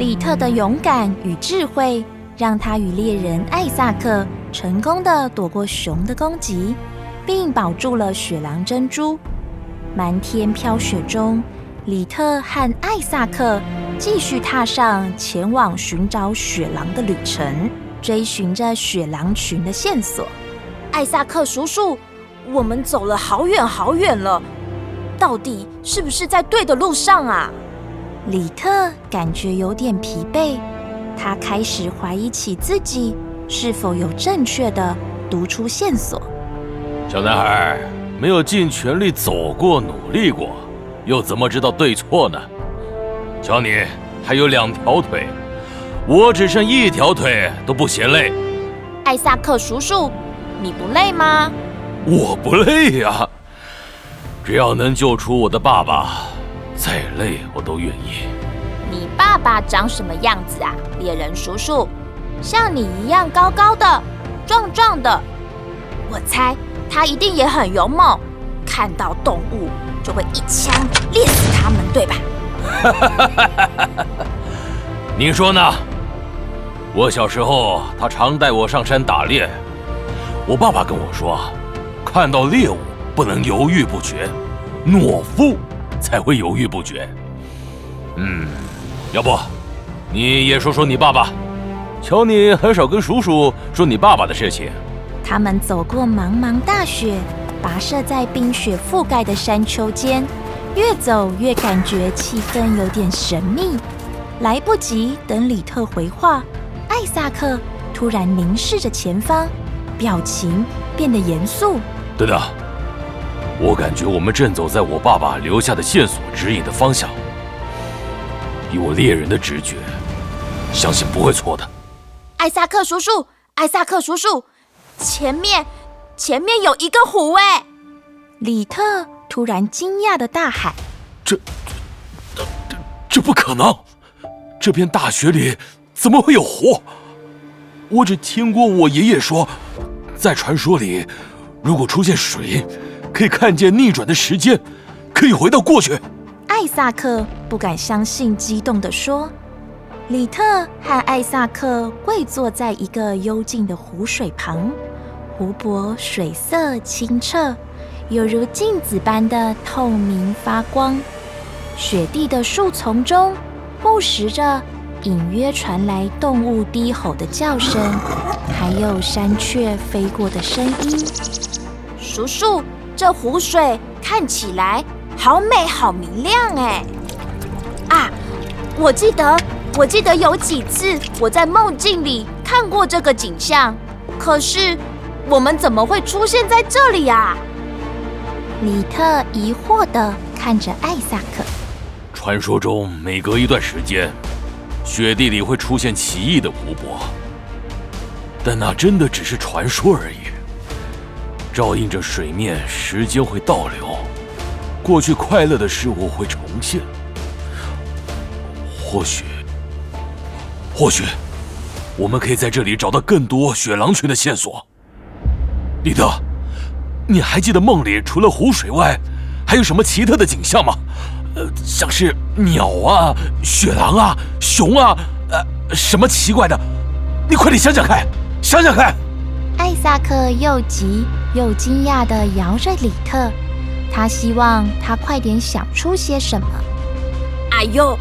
里特的勇敢與智慧，讓他與獵人艾薩克成功地躲過熊的攻擊，並保住了雪狼珍珠。漫天飄雪中，里特和艾薩克繼續踏上前往尋找雪狼的旅程，追尋着雪狼群的線索。艾薩克叔叔，我們走了好遠好遠了，到底是不是在對的路上啊？里特感覺有點疲憊，他開始懷疑起自己是否有正確的讀出線索。小男孩沒有盡全力走過、努力過，又怎麼知道對錯呢？瞧你還有兩條腿，我只剩一條腿都不嫌累。艾薩克叔叔，你不累嗎？我不累呀、啊，只要能救出我的爸爸。再累我都願意。你爸爸長什麼樣子啊？獵人叔叔，像你一樣高高的、壯壯的。我猜他一定也很勇猛，看到動物就會一槍獵死他們，對吧？ 你說呢？我小時候，他常帶我上山打獵。我爸爸跟我說，看到獵物不能猶豫不決，懦夫，才會猶豫不決。嗯，要不，你也說說你爸爸。瞧，你很少跟叔叔說你爸爸的事情。他們走過茫茫大雪，跋涉在冰雪覆蓋的山丘間，越走越感覺氣氛有點神秘。來不及等里特回話，艾薩克突然凝視着前方，表情變得嚴肅。等等。我感覺我們正走在我爸爸留下的線索指引的方向。以我獵人的直覺，相信不會錯的。艾薩克叔叔，艾薩克叔叔，前面，前面有一個湖！哎，里特突然驚訝的大喊：“這，這，這不可能！這片大雪裡怎麼會有湖？我只聽過我爺爺說，在傳說裡，如果出現水。”可以看見逆轉的時間，可以回到過去。艾薩克不敢相信，激動地說：“里特和艾薩克跪坐在一個幽靜的湖水旁，湖泊水色清澈，有如鏡子般的透明發光。雪地的樹叢中，不時着隱約傳來動物低吼的叫聲，還有山雀飛過的聲音。叔叔。”這湖水看起來好美，好明亮哎！啊，我記得，我記得有幾次我在夢境裡看過這個景象。可是，我們怎麼會出現在這裡呀、啊？里特疑惑的看着艾薩克。傳說中，每隔一段時間，雪地裡會出現奇異的湖泊，但那真的只是傳說而已。照映着水面，時間會倒流，過去快樂的事物會重現。或許，或許，我們可以在這裡找到更多雪狼群的線索。里特，你還記得夢裡除了湖水外，還有什麼奇特的景象嗎？呃，像是鳥啊、雪狼啊、熊啊，呃，什麼奇怪的？你快點想想看，想想看。艾薩克又急。又驚訝地搖着里特，他希望他快點想出些什麼。哎呦，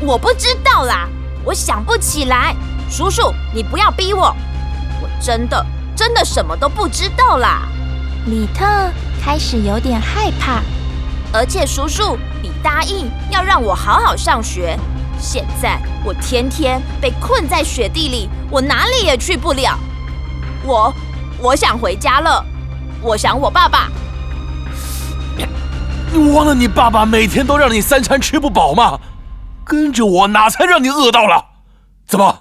我不知道啦，我想不起來。叔叔，你不要逼我，我真的真的什麼都不知道啦。里特開始有點害怕，而且叔叔，你答應要讓我好好上學，現在我天天被困在雪地裡，我哪裡也去不了。我，我想回家了。我想我爸爸。你忘了你爸爸每天都讓你三餐吃不飽嗎？跟着我哪才讓你餓到了？怎麼，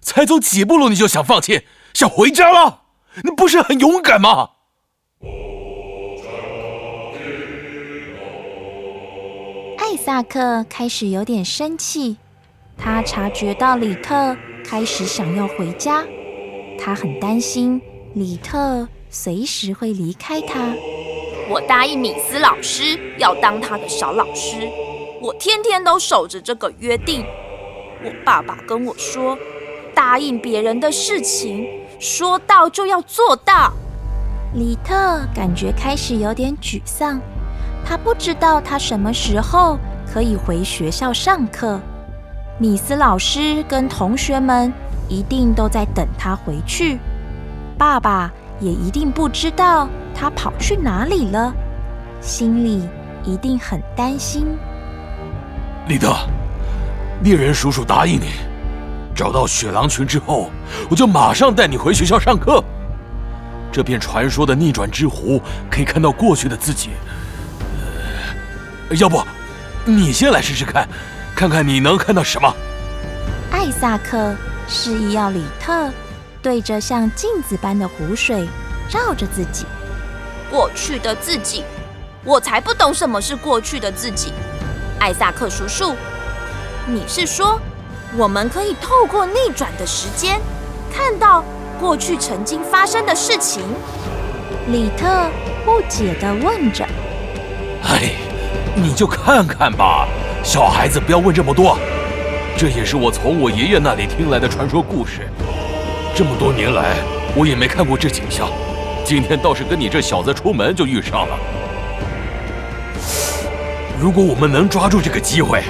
才走幾步路你就想放棄，想回家了？你不是很勇敢嗎？艾薩克開始有點生氣，他察覺到里特開始想要回家，他很擔心里特。隨時會離開他。我答應米斯老師要當他的小老師，我天天都守着這個約定。我爸爸跟我說，答應別人的事情說到就要做到。里特感覺開始有點沮喪，他不知道他什麼時候可以回學校上課。米斯老師跟同學們一定都在等他回去。爸爸。也一定不知道他跑去哪裡了，心裡一定很擔心。里特，獵人叔叔答應你，找到雪狼群之後，我就馬上帶你回學校上課。這片傳說的逆轉之湖，可以看到過去的自己。呃，要不，你先來試試看，看看你能看到什麼。艾薩克示意要里特。對着像鏡子般的湖水，照着自己，過去的自己，我才不懂什麼是過去的自己。艾薩克叔叔，你是說我們可以透過逆轉的時間，看到過去曾經發生的事情？里特不解的問着。哎，你就看看吧，小孩子不要問這麼多。這也是我從我爺爺那裡聽來的傳說故事。這麼多年來，我也沒看過這景象，今天倒是跟你這小子出門就遇上了。如果我們能抓住這個機會，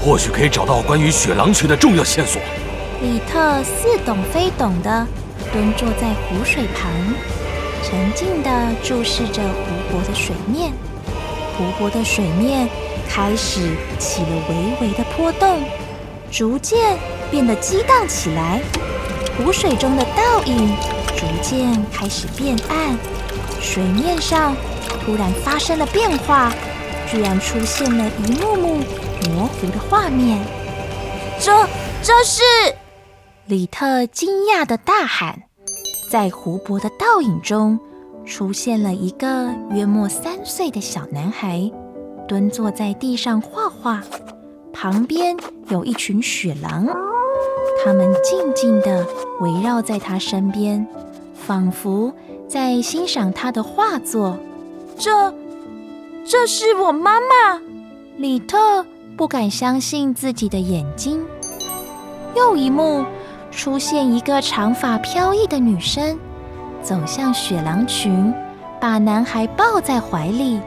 或許可以找到關於雪狼群的重要線索。里特似懂非懂的蹲坐在湖水旁，沉靜地注視着湖泊的水面。湖泊的水面開始起了微微的波動，逐漸變得激蕩起來。湖水中的倒影逐漸開始變暗，水面上突然發生了變化，居然出現了一幕幕模糊的畫面。這，這是？里特驚訝地大喊。在湖泊的倒影中，出現了一個約莫三歲的小男孩，蹲坐在地上畫畫，旁邊有一群雪狼。他們靜靜地圍繞在他身邊，仿佛在欣賞他的畫作。這，這是我媽媽。里特不敢相信自己的眼睛。又一幕出現，一個長髮飄逸的女生走向雪狼群，把男孩抱在懷裡。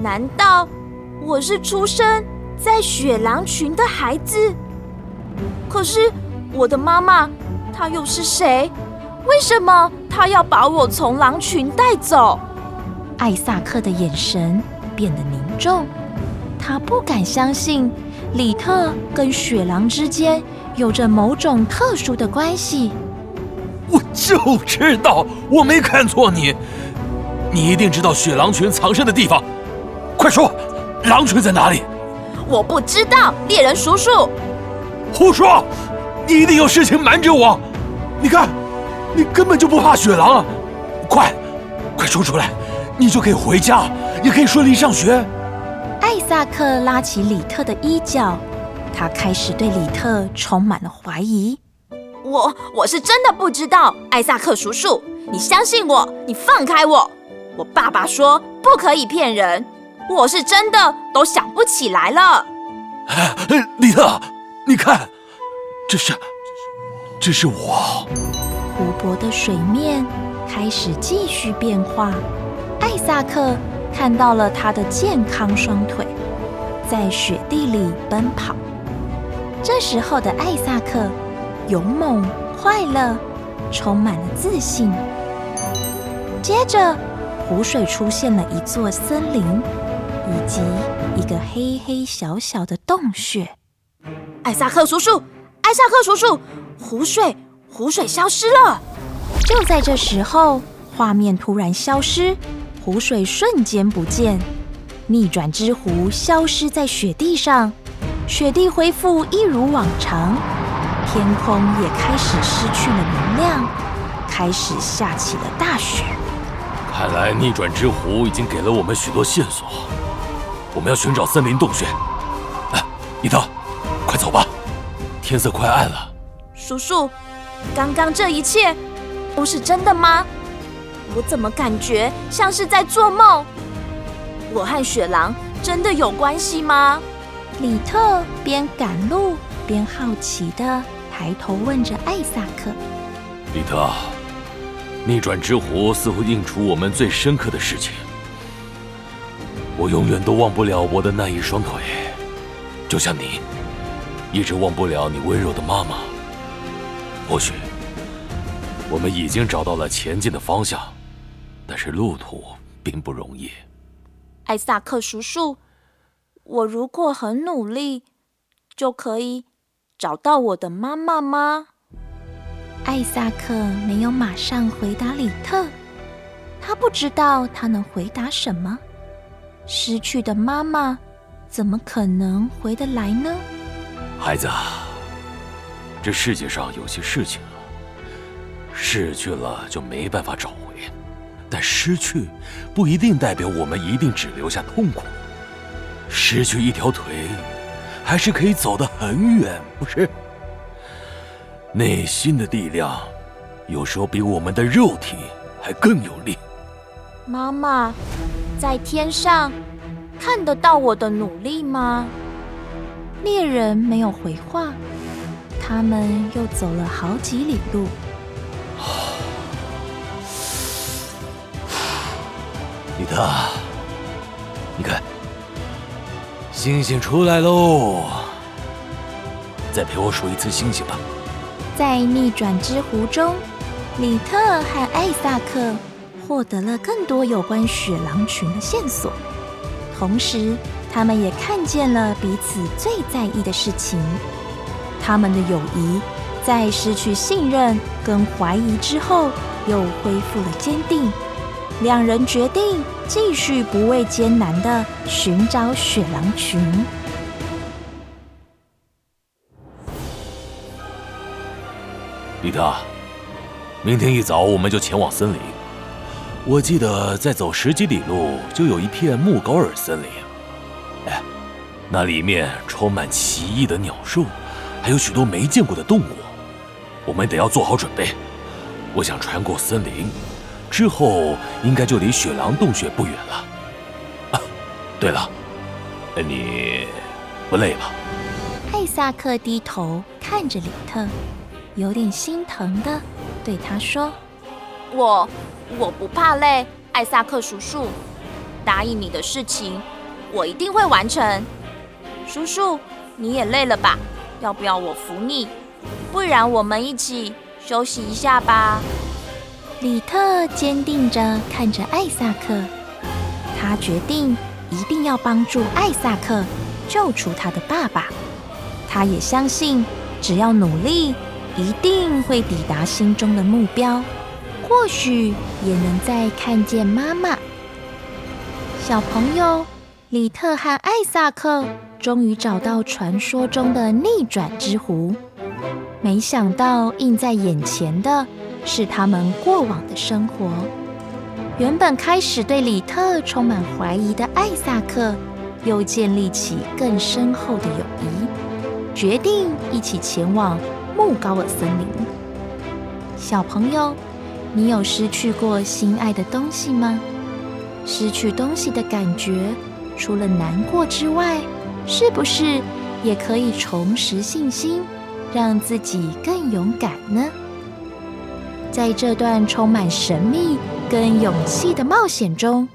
難道我是出生在雪狼群的孩子？可是。我的媽媽，她又是誰？為什麼她要把我從狼群帶走？艾薩克的眼神變得凝重，他不敢相信里特跟雪狼之間有着某種特殊的關係。我就知道我沒看錯你，你一定知道雪狼群藏身的地方。快說，狼群在哪裡？我不知道，獵人叔叔。胡說！你一定有事情瞞着我，你看，你根本就不怕雪狼，快，快說出來，你就可以回家，也可以順利上學。艾薩克拉起里特的衣角，他開始對里特充滿了懷疑。我我是真的不知道，艾薩克叔叔，你相信我，你放開我。我爸爸說不可以騙人，我是真的都想不起來了。呃，里特，你看。這是，這是，這是我。湖泊的水面開始繼續變化。艾薩克看到了他的健康雙腿在雪地裡奔跑。這時候的艾薩克勇猛、快樂，充滿了自信。接着，湖水出現了一座森林，以及一個黑黑小小的洞穴。艾薩克叔叔。艾薩克叔叔，湖水，湖水消失了。就在這時候，畫面突然消失，湖水瞬間不見，逆轉之湖消失在雪地上，雪地恢復一如往常，天空也開始失去了明亮，開始下起了大雪。看來逆轉之湖已經給了我們許多線索，我們要尋找森林洞穴。哎、啊，里特，快走吧。天色快暗了，叔叔，剛剛這一切都是真的嗎？我怎麼感覺像是在做夢？我和雪狼真的有關係嗎？里特邊趕路邊好奇的抬頭問着艾薩克。里特，逆轉之湖似乎映出我們最深刻的事情。我永遠都忘不了我的那一雙腿，就像你。一直忘不了你溫柔的媽媽。或許我們已經找到了前進的方向，但是路途並不容易。艾薩克叔叔，我如果很努力，就可以找到我的媽媽嗎？艾薩克沒有馬上回答里特，他不知道他能回答什麼。失去的媽媽怎麼可能回得來呢？孩子，這世界上有些事情，失去了就沒辦法找回，但失去不一定代表我們一定只留下痛苦。失去一條腿，還是可以走得很遠，不是？內心的力量，有時候比我們的肉體還更有力。媽媽，在天上，看得到我的努力嗎？獵人沒有回話，他們又走了好幾里路。里特，你看，星星出來嘍！再陪我數一次星星吧。在逆轉之湖中，里特和艾薩克獲得了更多有關雪狼群的線索，同時。他們也看見了彼此最在意的事情，他們的友誼在失去信任跟懷疑之後，又恢復了堅定。兩人決定繼續不畏艱難地尋找雪狼群。里特，明天一早我們就前往森林。我記得再走十幾裡路就有一片木高爾森林。那裡面充滿奇異的鳥獸，還有許多沒見過的動物，我們得要做好準備。我想穿過森林，之後應該就離雪狼洞穴不遠了。啊，對了，你不累吧？艾薩克低頭看着里特，有點心疼的對他說：“我我不怕累，艾薩克叔叔，答應你的事情，我一定會完成。”叔叔，你也累了吧？要不要我扶你？不然我們一起休息一下吧。里特堅定着看着艾薩克，他決定一定要幫助艾薩克救出他的爸爸。他也相信，只要努力，一定會抵達心中的目標。或許也能再看見媽媽。小朋友，里特和艾薩克。終於找到傳說中的逆轉之湖，沒想到映在眼前的，是他們過往的生活。原本開始對里特充滿懷疑的艾薩克，又建立起更深厚的友誼，決定一起前往木高爾森林。小朋友，你有失去過心愛的東西嗎？失去東西的感覺，除了難過之外，是不是也可以重拾信心，讓自己更勇敢呢？在這段充滿神秘跟勇氣的冒險中，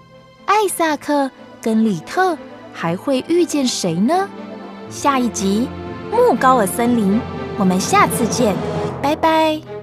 艾薩克跟里特還會遇見誰呢？下一集《木高爾森林》，我們下次見，拜拜！